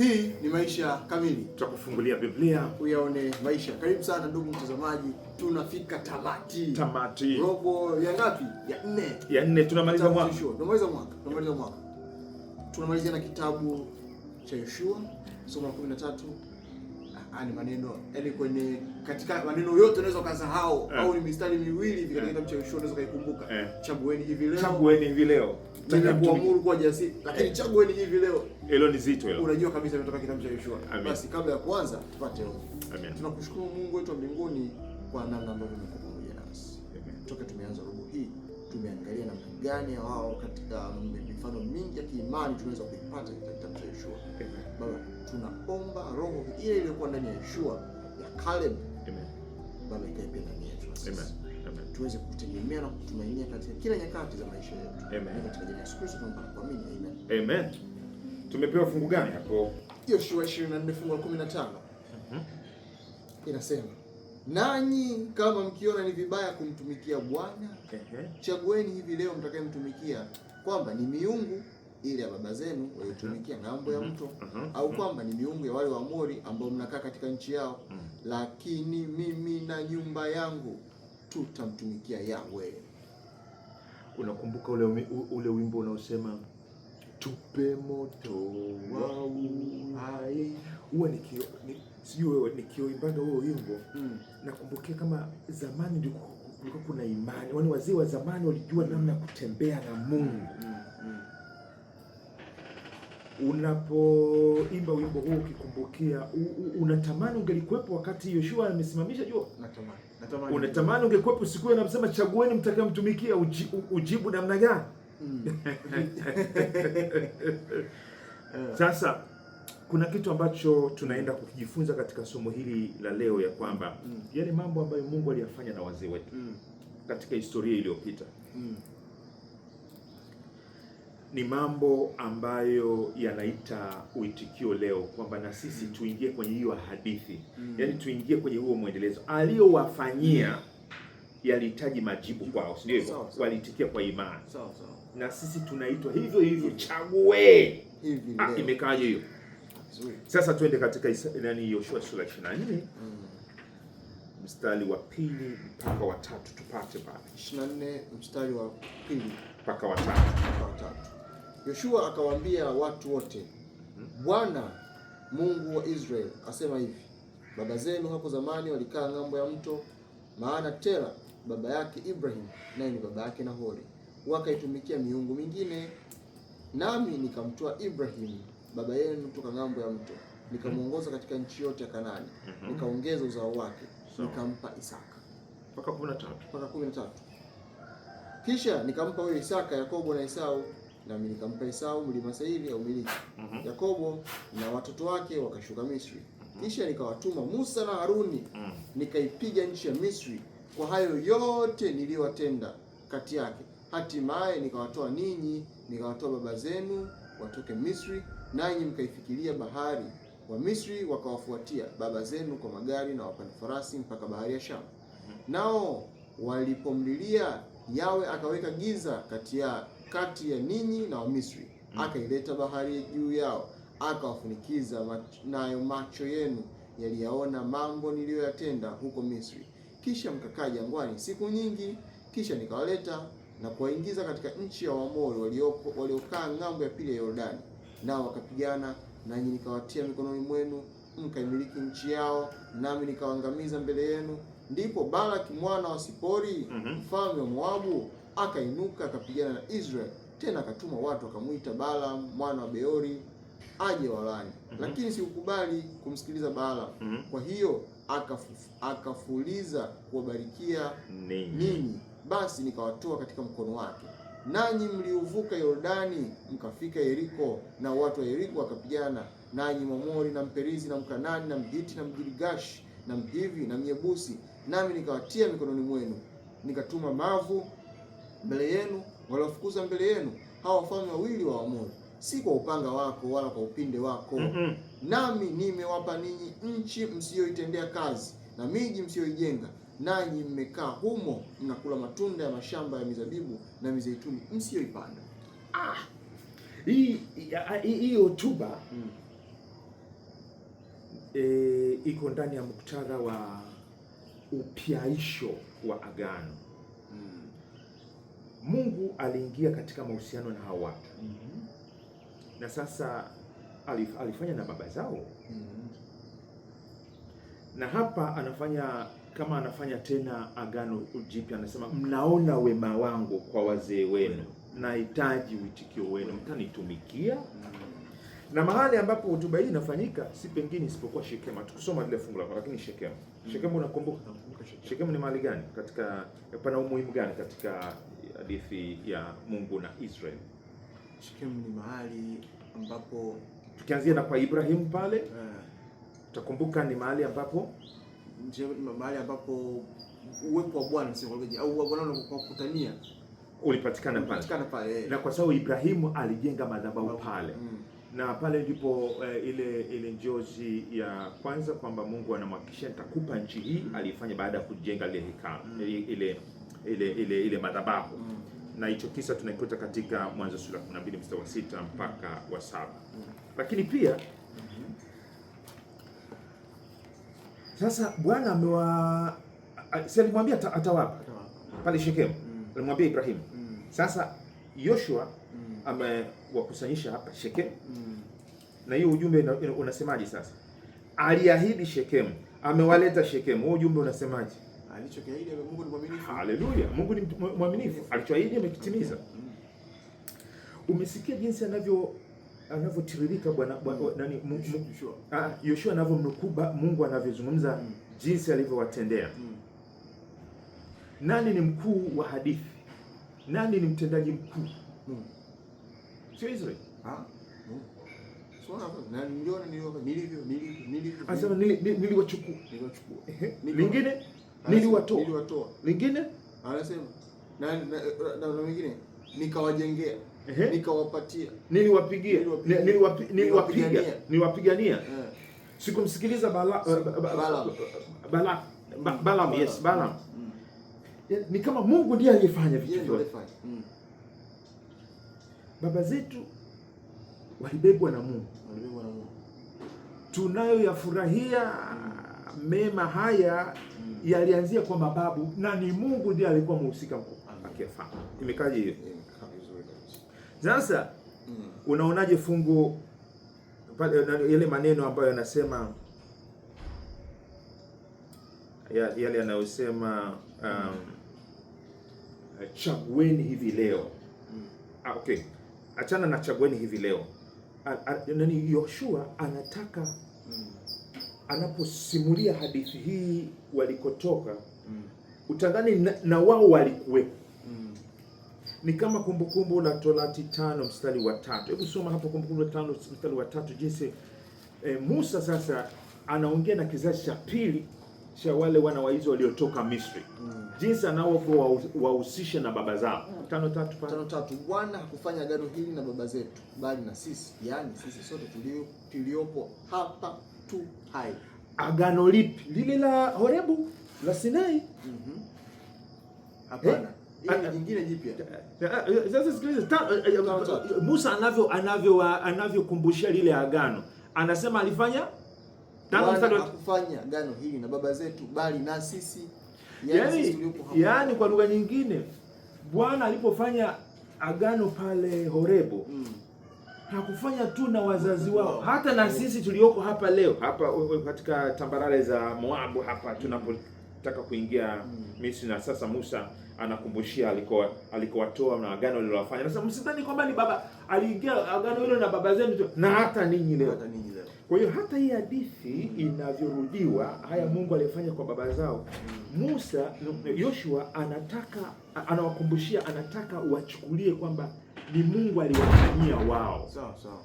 Hii ni Maisha Kamili, tutakufungulia Biblia uyaone maisha. Karibu sana ndugu mtazamaji, tunafika tamati, tamati robo ya ngapi? Ya nne, ya nne. Tunamaliza mwaka, tunamaliza mwaka, tunamaliza mwaka, tunamalizia na kitabu cha Yoshua somo la 13 ani ah, maneno yaani, kwenye katika maneno yote unaweza ukasahau, eh. au ni mistari miwili hivi katika eh. kitabu cha Yoshua unaweza ukaikumbuka. Eh. Chagueni hivi leo, chagueni hivi leo, ninakuamuru kuwa jasiri, lakini chagueni hivi leo hilo ni zito hilo. Unajua kabisa imetoka kitabu cha Yoshua. Basi kabla ya kuanza tupate roho. Amen. Tunakushukuru Mungu wetu wa mbinguni kwa namna ambavyo umekuwa pamoja nasi. Amen. Toka tumeanza robo hii tumeangalia namna gani wao katika um, mifano mingi ya kiimani tunaweza kuipata katika kitabu cha Yoshua. Amen. Baba, tunaomba roho ile iliyokuwa ndani ya Yoshua ya Caleb. Amen. Baba ikae pia ndani yetu. Amen. Amen. Tuweze kutegemea na kutumainia katika kila nyakati za maisha yetu. Amen. Katika jina la Yesu Kristo tunaomba na kuamini. Amen. Amen. Tumepewa fungu gani hapo? Yoshua 24 fungu la 15. Mhm. Inasema, nanyi kama mkiona ni vibaya kumtumikia Bwana, chagueni hivi leo mtakayemtumikia, kwamba ni miungu ile ya baba zenu waliotumikia mhm. ng'ambo ya mhm. mto, mhm. au kwamba ni miungu ya wale Waamori ambao mnakaa katika nchi yao, lakini mimi na nyumba yangu tutamtumikia Yahweh. Unakumbuka ule, ule wimbo unaosema tupe moto wa uhai. Huwa wewe nikioimbanga huo wimbo hmm. Nakumbukia kama zamani kulikuwa kuna imani, wani wazee wa zamani walijua namna ya kutembea na Mungu mm. Mm. Unapoimba wimbo huo ukikumbukia, unatamani ungelikuwepo wakati Yoshua amesimamisha jua, natamani natamani, unatamani ungekuwepo siku hiyo, anamsema chagueni mtakayemtumikia, ujibu namna gani? mm. Sasa kuna kitu ambacho tunaenda kukijifunza katika somo hili la leo ya kwamba mm. yale mambo ambayo Mungu aliyafanya na wazee wetu mm. katika historia iliyopita mm. ni mambo ambayo yanaita uitikio leo kwamba na sisi mm. tuingie kwenye hiyo hadithi mm. yaani tuingie kwenye huo mwendelezo aliyowafanyia mm. yalihitaji majibu kwao, si ndio? Walitikia kwa imani. Sawa sawa na sisi tunaitwa hivyo hivyo, chague hivi. Ah, imekaje hiyo? Sasa twende katika nani, Yoshua sura 24 mm. mstari wa pili mpaka wa tatu tupate pale 24 mstari wa pili mpaka wa tatu. Yoshua akawaambia watu wote, hmm? Bwana Mungu wa Israeli asema hivi, baba zenu hapo zamani walikaa ng'ambo ya mto, maana Tera baba yake Ibrahim naye ni baba yake Nahori wakaitumikia miungu mingine, nami nikamtoa Ibrahim baba yenu toka ng'ambo ya mto nikamwongoza katika nchi yote ya Kanaani mhm. nikaongeza uzao wake nikampa Isaka mpaka 13 mpaka 13 kisha nikampa huyo Isaka Yakobo na Esau, nami nikampa Esau mlima Seiri au miliki. Mhm. Yakobo na watoto wake wakashuka Misri. Mhm. Kisha nikawatuma Musa na Haruni, nikaipiga nchi ya Misri kwa hayo yote niliyowatenda kati yake hatimaye nikawatoa ninyi, nikawatoa baba zenu watoke Misri, nanyi mkaifikiria bahari. Wamisri wakawafuatia baba zenu kwa magari na wapanda farasi mpaka bahari ya Shamu. Nao walipomlilia Yawe akaweka giza kati ya kati ya ninyi na Wamisri, hmm. akaileta bahari juu yao, akawafunikiza nayo macho yenu yaliyaona mambo niliyoyatenda huko Misri. Kisha mkakaa jangwani siku nyingi, kisha nikawaleta na kuwaingiza katika nchi ya Waamori waliokaa ng'ambo ya pili ya Yordani, nao wakapigana nanyi, nikawatia mikononi mwenu, mkaimiliki nchi yao, nami nikawaangamiza mbele yenu. Ndipo Balaki mwana wa Sipori mhm. mfalme wa Moabu akainuka akapigana na israel tena akatuma watu akamwita Balaam mwana wa Beori aje walani, mm -hmm. Lakini sikukubali kumsikiliza Balaam mm -hmm. Kwa hiyo akafuliza kuwabarikia ninyi basi nikawatoa katika mkono wake. Nanyi mliuvuka Yordani mkafika Yeriko, na watu wa Yeriko wakapigana nanyi, Mwamori na Mperizi na Mkanani na Mhiti na Mgirigashi na Mhivi na Myebusi, nami nikawatia mikononi mwenu, nikatuma mavu mbele yenu, waliwafukuza mbele yenu hao wafalme wawili wa Waamori, si kwa upanga wako wala kwa upinde wako. mm -hmm. Nami nimewapa ninyi nchi msiyoitendea kazi na miji msiyoijenga nanyi mmekaa humo mnakula matunda ya mashamba ya mizabibu na mizeituni msiyoipanda. Ah, hii hii hotuba hmm. E, iko ndani ya muktadha wa upyaisho wa agano hmm. Mungu aliingia katika mahusiano na hao watu hmm. na sasa alif, alifanya na baba zao hmm. na hapa anafanya kama anafanya tena Agano Jipya, anasema mnaona wema wangu kwa wazee wenu, nahitaji uitikio wenu, mtanitumikia na mahali ambapo hotuba hii inafanyika si pengine isipokuwa Shekemu. Tukisoma lile fungu lako, lakini Shekema. Shekema unakumbuka? Shekema ni mahali gani katika, pana umuhimu gani katika hadithi ya Mungu na Israeli? Shekema ni mahali ambapo tukianzia na kwa Ibrahimu pale, eh. utakumbuka ni mahali ambapo mahali ambapo uwepo wa Bwana au Bwana unakukutania ulipatikana pale, pale, eh. na kwa sababu Ibrahimu alijenga madhabahu pale mm. na pale ndipo uh, ile ile njozi ya kwanza kwamba Mungu anamhakikishia nitakupa nchi hii mm. alifanya baada ya kujenga ile hekalu mm. ile ile ile ile madhabahu mm. na hicho kisa tunaikuta katika Mwanzo sura 12 mstari wa sita mpaka wa saba mm. lakini pia mm -hmm. Sasa Bwana amewa si alimwambia atawapa, pale Shekemu mm. alimwambia Ibrahimu mm. Sasa Yoshua mm. amewakusanyisha hapa Shekemu mm. na hiyo ujumbe unasemaje? Sasa aliahidi Shekemu, amewaleta Shekemu. Huo ujumbe unasemaje? Alichokiahidi Mungu ni mwaminifu. Haleluya, Mungu ni mwaminifu, alichoahidi amekitimiza. Mm. Umesikia jinsi anavyo anavyotiririka bwana mm. nani ah, Yoshua anavyomnukuu Mungu anavyozungumza mm. jinsi alivyowatendea mm. Nani ni mkuu wa hadithi? Nani ni mtendaji mkuu? mm. Sio Israeli. Ah, mm. Anasema niliwachukua, lingine niliwatoa, lingine anasema na na, na, na, na, na, na, na, na, nikawajengea nikawapatia, niliwapigia, niliwapiga, niliwapigania. Sikumsikiliza Balaam. Yes, Balaam. Mm. Ni kama Mungu ndiye aliyefanya vitu vyote. Mm. Baba zetu walibebwa na Mungu, walibebwa na Mungu. Tunayoyafurahia mema haya mm. yalianzia kwa mababu na ni Mungu ndiye alikuwa mhusika mkuu. Akifanya imekaje hiyo? Sasa mm. unaonaje fungu yale maneno ambayo yanasema yale yanayosema um, chagueni hivi leo mm. Ah, okay, achana na chagueni hivi leo nani, Yoshua anataka mm. anaposimulia hadithi hii walikotoka mm. na, na wao walikuwepo ni kama Kumbukumbu la Torati tano mstari wa tatu. Hebu soma hapo Kumbukumbu la tano mstari wa tatu jinsi e, Musa sasa anaongea na kizazi cha pili cha wale wana wa Israeli waliotoka Misri mm. jinsi anavyokuwa wa, na baba zao mm. tano tatu pale tano tatu, Bwana hakufanya agano hili na baba zetu, bali na sisi, yani sisi sote tulio tuliopo hapa tu hai. Agano lipi? Lile la Horebu la Sinai? mm -hmm. Hapana eh? Musa anavyo anavyo anavyokumbushia lile agano, anasema alifanya kufanya agano hili na baba zetu, bali na sisi, yani, yani yaani kwa lugha nyingine Bwana alipofanya agano pale Horebo mm. hakufanya tu na wazazi wao, hata na sisi tulioko hapa leo hapa katika tambarare za Moabu hapa mm. tunapotaka kuingia mm. Misri, na sasa Musa anakumbushia alikuwa alikowatoa na agano lililofanya. Anasema msidhani kwamba ni baba aliingia agano hilo na baba zenu na hata ninyi leo. Hata ninyi leo. Kwa hiyo hata hii hadithi inavyorudiwa, haya Mungu alifanya kwa baba zao. Musa, Yoshua anataka anawakumbushia, anataka wachukulie kwamba ni Mungu aliwafanyia wao. Sawa sawa.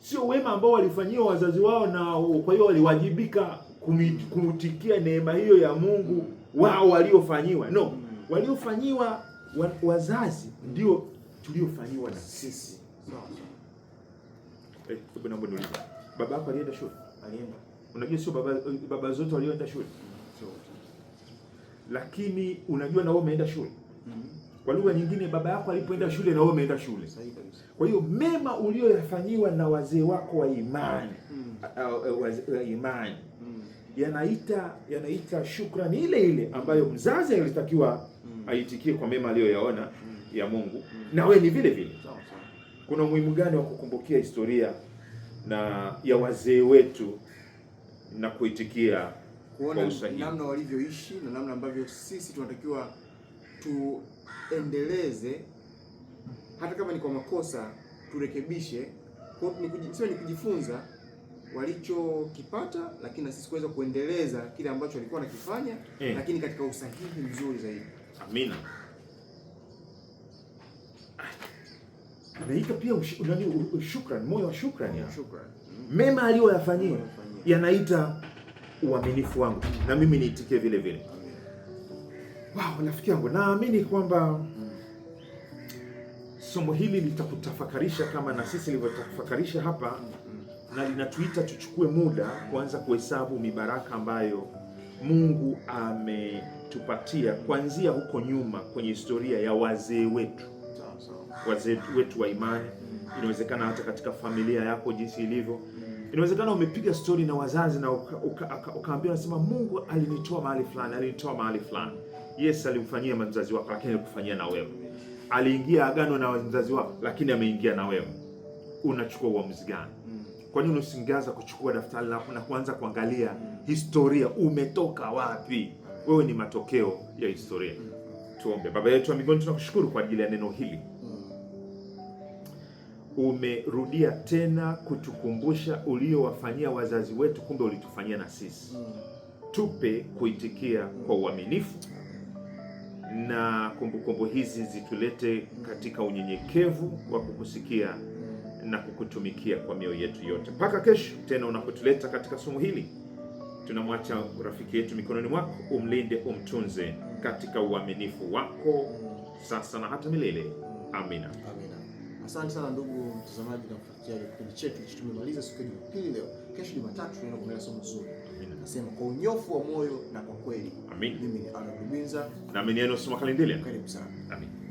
Sio wema ambao walifanyia wazazi wao na kwa hiyo waliwajibika kumitikia neema hiyo ya Mungu wao waliofanyiwa. No waliofanyiwa wa, wazazi ndio tuliofanyiwa na sisi. Eh, hebu naomba baba yako alienda shule? Alienda. Unajua sio baba eh, baba zote walioenda shule mm, lakini unajua na wewe umeenda shule. mm -hmm. Kwa lugha nyingine, baba yako alipoenda shule na wewe umeenda shule. Kwa hiyo mema ulioyafanyiwa na wazee wako wa imani, mm -hmm. uh, uh, wa imani mm -hmm yanaita yanaita shukrani ile ile ambayo mzazi alitakiwa mm. aitikie kwa mema aliyoyaona mm. ya Mungu mm. na we ni vile vile Kuna umuhimu gani wa kukumbukia historia na ya wazee wetu na kuitikia kuona kwa usahihi namna walivyoishi na namna ambavyo sisi tunatakiwa tuendeleze, hata kama ni kwa makosa turekebishe, sio ni kujifunza walichokipata, lakini na sisi kuweza kuendeleza kile ambacho walikuwa wanakifanya eh, lakini katika usahihi mzuri zaidi. Amina. Anaita pia shukrani, moyo wa shukrani, shukrani mm. mema aliyoyafanyia yanaita uaminifu wangu, na mimi niitikie vile vile. Wow, rafiki yangu, naamini kwamba mm. somo hili litakutafakarisha kama na sisi ilivyotafakarisha hapa. Mm na linatuita tuchukue muda kuanza kuhesabu mibaraka ambayo Mungu ametupatia kuanzia huko nyuma kwenye historia ya wazee wetu, wazee wetu wa imani. Inawezekana hata katika familia yako jinsi ilivyo, inawezekana umepiga stori na wazazi na ukaambia, unasema Mungu alinitoa mahali fulani, alinitoa mahali fulani. Yes, alimfanyia mzazi wako, lakini alikufanyia na wewe. Aliingia agano na mzazi wako, lakini ameingia na wewe. Unachukua uamuzi gani? Kwa nini usingeanza kuchukua daftari lako na kuanza kuangalia historia, umetoka wapi? Wewe ni matokeo ya historia. Tuombe. Baba yetu wa mbinguni, tunakushukuru kwa ajili ya neno hili. Umerudia tena kutukumbusha uliowafanyia wazazi wetu, kumbe ulitufanyia na sisi. Tupe kuitikia kwa uaminifu na kumbukumbu hizi zitulete katika unyenyekevu wa kukusikia na kukutumikia kwa mioyo yetu yote. Mpaka kesho tena unapotuleta katika somo hili, tunamwacha rafiki yetu mikononi mwako, umlinde, umtunze katika uaminifu wako sasa na hata milele. Amina, amina. Asante sana ndugu mtazamaji na kufikia kipindi chetu. Tumemaliza siku ya Jumapili leo. Kesho Jumatatu tunaenda kuangalia somo zuri. Nasema kwa unyofu wa moyo na kwa kweli. Amina. Mimi ni Arnold Binza na mimi ni Enos Makalindile. Karibu sana. Amin.